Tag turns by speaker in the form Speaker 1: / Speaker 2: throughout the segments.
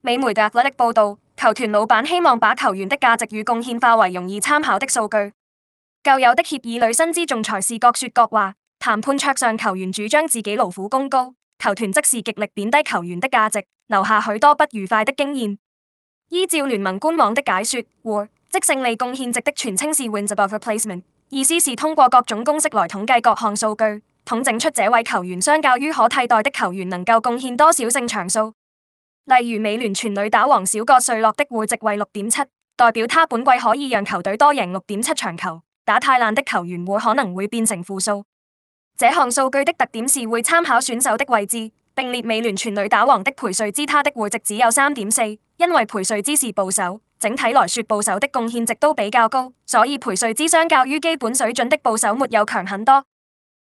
Speaker 1: 美媒 The Athletic 報道，球團老闆希望把球員的價值與貢獻化為容易參考的數據。舊有的協議裏，薪資仲裁是各說各話，談判桌上球員主張自己勞苦功高，球團則是極力貶低球員的價值，留下許多不愉快的經驗。依照聯盟官網的解說，WAR 即勝利貢獻值的全稱是 Wins Above Replacement，意思是通過各種公式來統計各項數據，統整出這位球員相較於可替代的球員能夠貢獻多少勝場數。例如美聯全壘打王小個瑞諾的 WAR 值為六點七，代表他本季可以讓球隊多贏六點七場球。打太爛的球員會可能會變成負數。這項數據的特點是會參考選手的位置，並列美聯全壘打王的培瑞茲他的 WAR 值只有三點四，因為培瑞茲是捕手，整體來說捕手的貢獻值都比較高，所以培瑞茲相較於基本水準的捕手沒有強很多。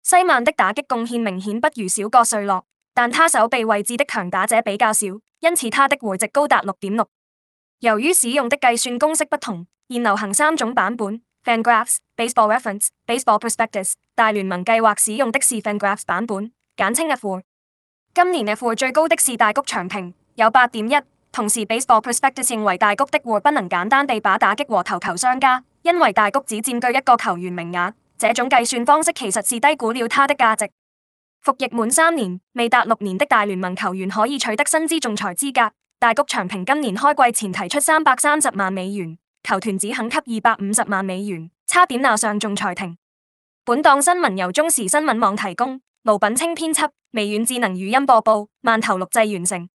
Speaker 1: 西曼的打擊貢獻明顯不如小個瑞諾。但他手臂位置的強打者比較少，因此他的 WAR 值高達六點六。由於使用的計算公式不同，現流行三種版本：FanGraphs、Baseball Reference、Baseball Prospectus。大聯盟計劃使用的是 FanGraphs 版本，簡稱 fWAR。今年 fWAR 最高的是大谷翔平，有八點一。同時，Baseball Prospectus 認為大谷的 WAR 不能簡單地把打擊和投球相加，因為大谷只佔據一個球員名額。這種計算方式其實是低估了他的價值。服役滿三年未達六年的大聯盟球員可以取得薪資仲裁資格。大谷翔平今年開季前提出三百三十萬美元，球團只肯給二百五十萬美元，差點鬧上仲裁庭。本檔新聞由中時新聞網提供，盧品清編輯，微軟智能語音播報，萬頭錄製完成。